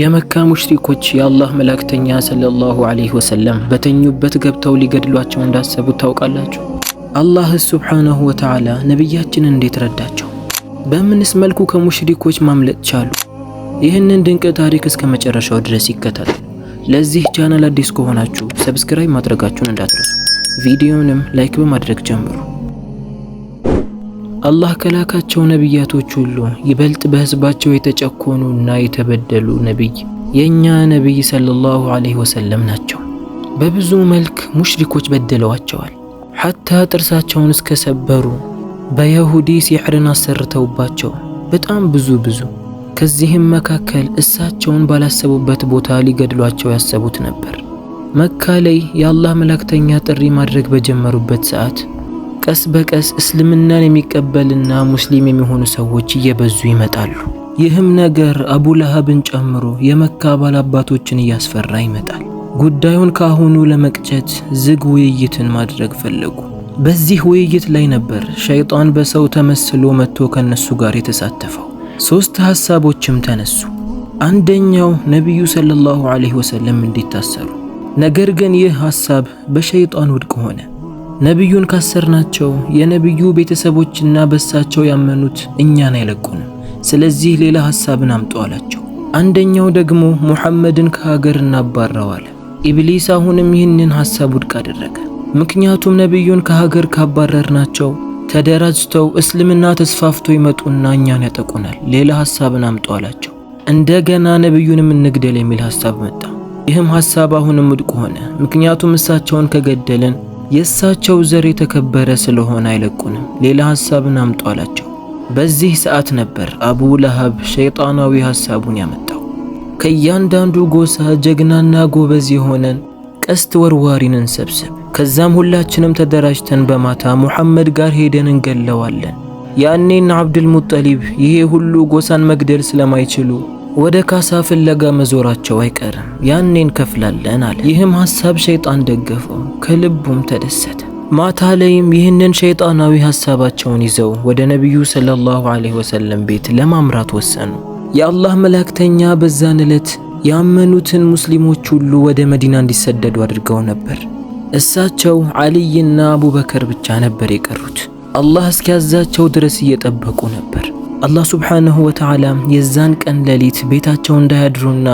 የመካ ሙሽሪኮች የአላህ መላእክተኛ ሰለላሁ ዐለይሂ ወሰለም በተኙበት ገብተው ሊገድሏቸው እንዳሰቡ ታውቃላችሁ። አላህ ሱብሓነሁ ወተዓላ ነቢያችን እንዴት ረዳቸው? በምንስ መልኩ ከሙሽሪኮች ማምለጥ ቻሉ? ይህንን ድንቅ ታሪክ እስከ መጨረሻው ድረስ ይከታተሉ። ለዚህ ቻናል አዲስ ከሆናችሁ ሰብስክራይብ ማድረጋችሁን እንዳትረሱ፣ ቪዲዮንም ላይክ በማድረግ ጀምሩ። አላህ ከላካቸው ነቢያቶች ሁሉ ይበልጥ በህዝባቸው እና የተበደሉ ነቢይ የእኛ ነቢይ ሰለላሁ ዐለይሂ ወሰለም ናቸው። በብዙ መልክ ሙሽሪኮች በድለዋቸዋል። ሐታ ጥርሳቸውን እስከ ሰበሩ በየሁዲ ሲሕርን አሰርተውባቸው በጣም ብዙ ብዙ። ከዚህም መካከል እሳቸውን ባላሰቡበት ቦታ ሊገድሏቸው ያሰቡት ነበር። መካ ላይ የአላህ መላእክተኛ ጥሪ ማድረግ በጀመሩበት ሰዓት ቀስ በቀስ እስልምናን የሚቀበልና ሙስሊም የሚሆኑ ሰዎች እየበዙ ይመጣሉ። ይህም ነገር አቡ ለሃብን ጨምሮ የመካ አባል አባቶችን እያስፈራ ይመጣል። ጉዳዩን ካሁኑ ለመቅጨት ዝግ ውይይትን ማድረግ ፈለጉ። በዚህ ውይይት ላይ ነበር ሸይጣን በሰው ተመስሎ መጥቶ ከነሱ ጋር የተሳተፈው። ሦስት ሐሳቦችም ተነሱ። አንደኛው ነቢዩ ሰለላሁ ዐለይሂ ወሰለም እንዲታሰሩ፣ ነገር ግን ይህ ሐሳብ በሸይጣን ውድቅ ሆነ። ነቢዩን ካሰርናቸው የነቢዩ ቤተሰቦችና በሳቸው ያመኑት እኛን አይለቁንም። ስለዚህ ሌላ ሐሳብን አምጡ አላቸው። አንደኛው ደግሞ ሙሐመድን ከሀገር እናባረው አለ። ኢብሊስ አሁንም ይህንን ሐሳብ ውድቅ አደረገ። ምክንያቱም ነቢዩን ከሀገር ካባረርናቸው ተደራጅተው እስልምና ተስፋፍቶ ይመጡና እኛን ያጠቁናል። ሌላ ሐሳብን አምጡ አላቸው። እንደገና ነቢዩንም እንግደል የሚል ሐሳብ መጣ። ይህም ሐሳብ አሁንም ውድቅ ሆነ። ምክንያቱም እሳቸውን ከገደልን የእሳቸው ዘር የተከበረ ስለሆነ አይለቁንም፣ ሌላ ሐሳብን አምጡ አላቸው። በዚህ ሰዓት ነበር አቡ ለሃብ ሸይጣናዊ ሐሳቡን ያመጣው። ከእያንዳንዱ ጎሳ ጀግናና ጎበዝ የሆነን ቀስት ወርዋሪን እንሰብስብ፣ ከዛም ሁላችንም ተደራጅተን በማታ ሙሐመድ ጋር ሄደን እንገለዋለን። ያኔና አብድልሙጠሊብ ይሄ ሁሉ ጎሳን መግደል ስለማይችሉ ወደ ካሳ ፍለጋ መዞራቸው አይቀርም። ያኔ እንከፍላለን አለ። ይህም ሀሳብ ሸይጣን ደገፈው፣ ከልቡም ተደሰተ። ማታ ላይም ይህንን ሸይጣናዊ ሀሳባቸውን ይዘው ወደ ነቢዩ ሰለላሁ ዐለይሂ ወሰለም ቤት ለማምራት ወሰኑ። የአላህ መላእክተኛ በዛን ዕለት ያመኑትን ሙስሊሞች ሁሉ ወደ መዲና እንዲሰደዱ አድርገው ነበር። እሳቸው አልይና አቡበከር ብቻ ነበር የቀሩት። አላህ እስኪያዛቸው ድረስ እየጠበቁ ነበር። አላህ ሱብሓነሁ ወተዓላ የዛን ቀን ሌሊት ቤታቸው እንዳያድሩና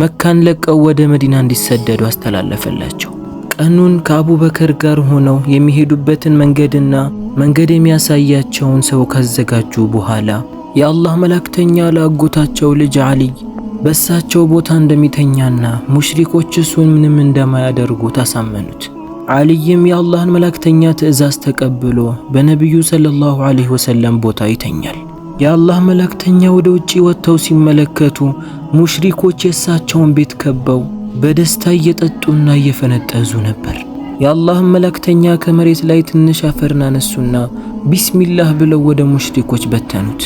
መካን ለቀው ወደ መዲና እንዲሰደዱ አስተላለፈላቸው። ቀኑን ከአቡበከር ጋር ሆነው የሚሄዱበትን መንገድና መንገድ የሚያሳያቸውን ሰው ካዘጋጁ በኋላ የአላህ መላእክተኛ ለአጎታቸው ልጅ አልይ በእሳቸው ቦታ እንደሚተኛና ሙሽሪኮች እሱን ምንም እንደማያደርጉ ታሳመኑት። አልይም የአላህን መላእክተኛ ትእዛዝ ተቀብሎ በነቢዩ ሰለላሁ ዐለይሂ ወሰለም ቦታ ይተኛል። የአላህ መልእክተኛ ወደ ውጪ ወጥተው ሲመለከቱ ሙሽሪኮች የእሳቸውን ቤት ከበው በደስታ እየጠጡና እየፈነጠዙ ነበር። የአላህ መልእክተኛ ከመሬት ላይ ትንሽ አፈርን አነሱና ቢስሚላህ ብለው ወደ ሙሽሪኮች በተኑት።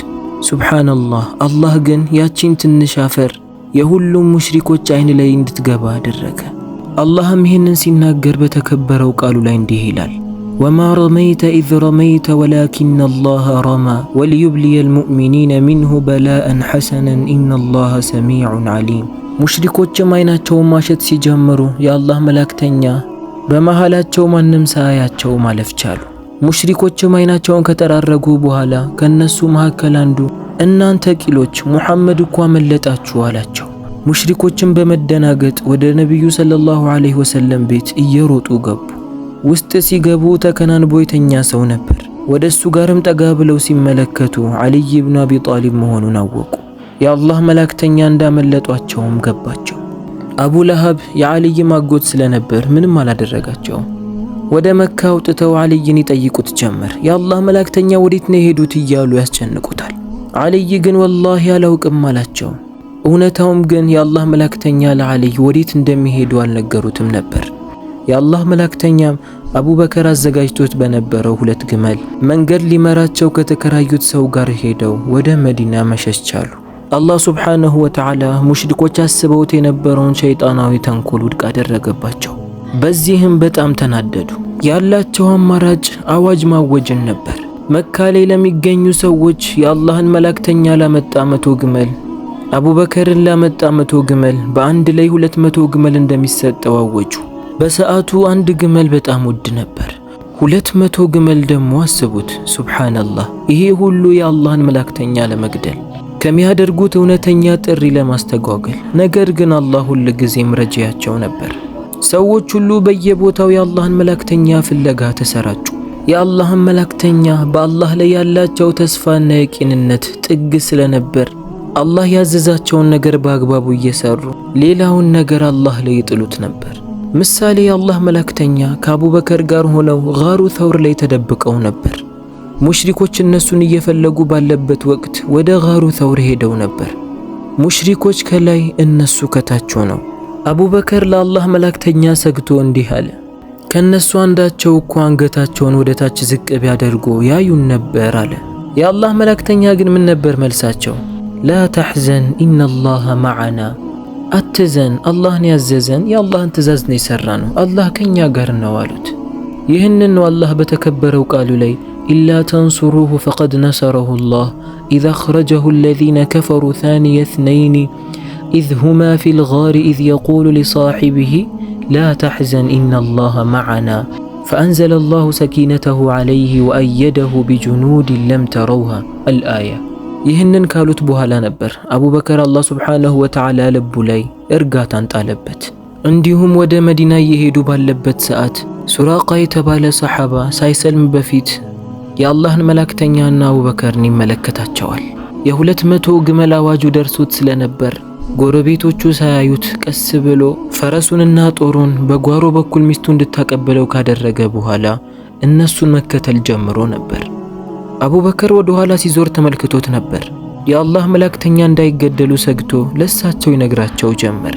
ሱብሓነላህ። አላህ ግን ያቺን ትንሽ አፈር የሁሉም ሙሽሪኮች አይን ላይ እንድትገባ አደረገ። አላህም ይህንን ሲናገር በተከበረው ቃሉ ላይ እንዲህ ይላል ወማ ረመይተ ኢዝ ረመይተ ወላኪነ አላህ ረማ ወሊዩብሊየ ልሙእሚኒነ ሚንሁ በላአን ሐሰነን ኢነ አላህ ሰሚዑን ዓሊም። ሙሽሪኮችም አይናቸውን ማሸት ሲጀምሩ የአላህ መላእክተኛ በመሃላቸው ማንም ሳያቸው ማለፍ ቻሉ። ሙሽሪኮችም አይናቸውን ከጠራረጉ በኋላ ከነሱ መካከል አንዱ እናንተ ቂሎች ሙሐመድ እኮ አመለጣችሁ አላቸው። ሙሽሪኮችም በመደናገጥ ወደ ነቢዩ ሰለላሁ ዐለይሂ ወሰለም ቤት እየሮጡ ገቡ። ውስጥ ሲገቡ ተከናንቦ የተኛ ሰው ነበር። ወደ እሱ ጋርም ጠጋ ብለው ሲመለከቱ አልይ ብኑ አቢ ጣሊብ መሆኑን አወቁ። የአላህ መላእክተኛ እንዳመለጧቸውም ገባቸው። አቡ ለሃብ የአልይ ማጎት ስለነበር ምንም አላደረጋቸውም። ወደ መካ አውጥተው አልይን ይጠይቁት ጀመር። የአላህ መላእክተኛ ወዴት ነው የሄዱት እያሉ ያስጨንቁታል። አልይ ግን ወላሂ አላውቅም አላቸው። እውነታውም ግን የአላህ መላእክተኛ ለአልይ ወዴት እንደሚሄዱ አልነገሩትም ነበር። የአላህ መላእክተኛም አቡበከር አዘጋጅቶት በነበረው ሁለት ግመል መንገድ ሊመራቸው ከተከራዩት ሰው ጋር ሄደው ወደ መዲና መሸሽ ቻሉ። አላህ ሱብሓነሁ ወተዓላ ሙሽሪኮች አስበውት የነበረውን ሸይጣናዊ ተንኮል ውድቅ አደረገባቸው። በዚህም በጣም ተናደዱ። ያላቸው አማራጭ አዋጅ ማወጅን ነበር። መካ ላይ ለሚገኙ ሰዎች የአላህን መላእክተኛ ላመጣ መቶ ግመል አቡበከርን ላመጣ መቶ ግመል በአንድ ላይ ሁለት መቶ ግመል እንደሚሰጠው አወጁ። በሰዓቱ አንድ ግመል በጣም ውድ ነበር። ሁለት መቶ ግመል ደግሞ አስቡት። ሱብሓነላህ! ይሄ ሁሉ የአላህን መላእክተኛ ለመግደል ከሚያደርጉት እውነተኛ ጥሪ ለማስተጓገል። ነገር ግን አላህ ሁል ጊዜም ረጃያቸው ነበር። ሰዎች ሁሉ በየቦታው የአላህን መላእክተኛ ፍለጋ ተሰራጩ። የአላህን መላእክተኛ በአላህ ላይ ያላቸው ተስፋና የቂንነት ጥግ ስለነበር አላህ ያዘዛቸውን ነገር በአግባቡ እየሰሩ ሌላውን ነገር አላህ ላይ ይጥሉት ነበር። ምሳሌ የአላህ መልእክተኛ ከአቡበከር ጋር ሆነው ጋሩ ተውር ላይ ተደብቀው ነበር። ሙሽሪኮች እነሱን እየፈለጉ ባለበት ወቅት ወደ ጋሩ ተውር ሄደው ነበር። ሙሽሪኮች ከላይ እነሱ ከታች ነው አቡበከር ለአላህ መላእክተኛ ሰግቶ እንዲህ አለ። ከነሱ አንዳቸው እኮ አንገታቸውን ወደ ታች ዝቅ ቢያደርጉ ያዩን ነበር አለ። የአላህ መላእክተኛ ግን ምን ነበር መልሳቸው? ላ ተሕዘን ኢነላሃ መዓና አትዘን፣ አላህን ያዘዘን የአላህን ትእዛዝ ነው የሠራነው፣ አላህ ከእኛ ጋር ነው አሉት። ይህንን ነው አላህ በተከበረው ቃሉ ላይ ኢላ ተንሱሩሁ ፈቀድ ነሰረሁ ላህ ኢዝ አኽረጀሁ አለዚነ ከፈሩ ታኒየ እትነይኒ ኢዝ ሁማ ፊል ጋሪ ኢዝ የቁሉ ሊሳሒቢሂ ላ ተሕዘን ኢነላሃ መዓና ፈአንዘለ አላሁ ሰኪነተሁ ዓለይህ ወአየደሁ ቢጅኑድ ለም ተረውሃ አልአያ ይህንን ካሉት በኋላ ነበር አቡበከር አላህ ሱብሓነሁ ወተዓላ ልቡ ላይ እርጋታን ጣለበት። እንዲሁም ወደ መዲና እየሄዱ ባለበት ሰዓት ሱራቃ የተባለ ሰሓባ ሳይሰልም በፊት የአላህን መላእክተኛና አቡበከርን ይመለከታቸዋል። የሁለት መቶ ግመል አዋጁ ደርሶት ስለነበር ጎረቤቶቹ ሳያዩት ቀስ ብሎ ፈረሱንና ጦሩን በጓሮ በኩል ሚስቱ እንድታቀበለው ካደረገ በኋላ እነሱን መከተል ጀምሮ ነበር። አቡበከር ወደ ኋላ ሲዞር ተመልክቶት ነበር። የአላህ መላእክተኛ እንዳይገደሉ ሰግቶ ለእሳቸው ይነግራቸው ጀመር።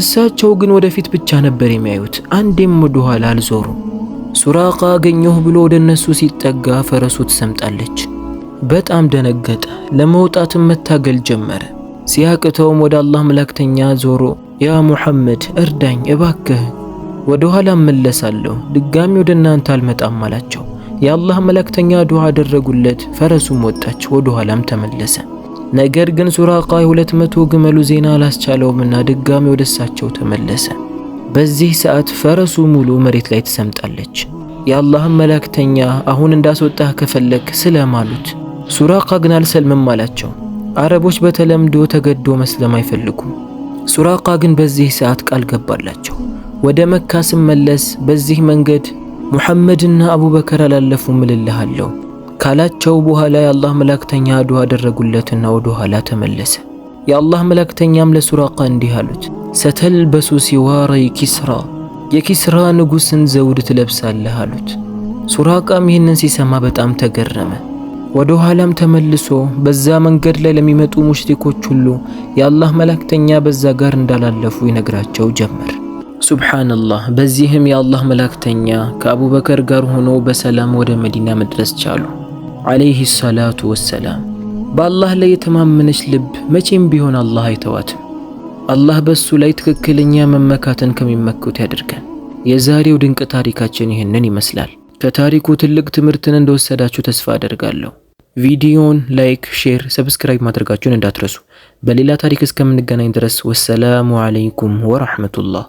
እሳቸው ግን ወደፊት ብቻ ነበር የሚያዩት፣ አንዴም ወደ ኋላ አልዞሩ። ሱራቃ አገኘሁ ብሎ ወደ እነሱ ሲጠጋ ፈረሱ ትሰምጣለች። በጣም ደነገጠ። ለመውጣትም መታገል ጀመረ። ሲያቅተውም ወደ አላህ መላእክተኛ ዞሮ ያ ሙሐመድ እርዳኝ እባክህ፣ ወደ ኋላ እመለሳለሁ፣ ድጋሚ ወደ እናንተ አልመጣም አላቸው። የአላህ መልእክተኛ ዱዓ አደረጉለት። ፈረሱም ወጣች፣ ወደ ኋላም ተመለሰ። ነገር ግን ሱራቃ የሁለት መቶ ግመሉ ዜና አላስቻለውምና ድጋሚ ወደ እሳቸው ተመለሰ። በዚህ ሰዓት ፈረሱ ሙሉ መሬት ላይ ትሰምጣለች። የአላህም መልእክተኛ አሁን እንዳስወጣህ ከፈለግ ስለም አሉት። ሱራቃ ግን አልሰልምም አላቸው። አረቦች በተለምዶ ተገዶ መስለም አይፈልጉም። ሱራቃ ግን በዚህ ሰዓት ቃል ገባላቸው። ወደ መካ ስመለስ በዚህ መንገድ ሙሐመድና አቡበከር አላለፉም እልልሃለሁ ካላቸው በኋላ የአላህ መላእክተኛ ዱዓ አደረጉለትና ወደ ኋላ ተመለሰ። የአላህ መላእክተኛም ለሱራቃ እንዲህ አሉት፣ ሰተልበሱ ሲዋረይ ኪስራ፣ የኪስራ ንጉሥን ዘውድ ትለብሳለህ አሉት። ሱራቃም ይህንን ሲሰማ በጣም ተገረመ። ወደ ኋላም ተመልሶ በዛ መንገድ ላይ ለሚመጡ ሙሽሪኮች ሁሉ የአላህ መላእክተኛ በዛ ጋር እንዳላለፉ ይነግራቸው ጀመር። ሱብሓነላህ። በዚህም የአላህ መላእክተኛ ከአቡበከር ጋር ሆኖ በሰላም ወደ መዲና መድረስ ቻሉ። ዓለይህ ሰላቱ ወሰላም። በአላህ ላይ የተማመነች ልብ መቼም ቢሆን አላህ አይተዋትም። አላህ በሱ ላይ ትክክለኛ መመካትን ከሚመኩት ያድርገን የዛሬው ድንቅ ታሪካችን ይህንን ይመስላል። ከታሪኩ ትልቅ ትምህርትን እንደወሰዳችሁ ተስፋ አደርጋለሁ። ቪዲዮን ላይክ፣ ሼር፣ ሰብስክራይብ ማድረጋችሁን እንዳትረሱ። በሌላ ታሪክ እስከምንገናኝ ድረስ ወሰላሙ አለይኩም ወራህመቱላህ።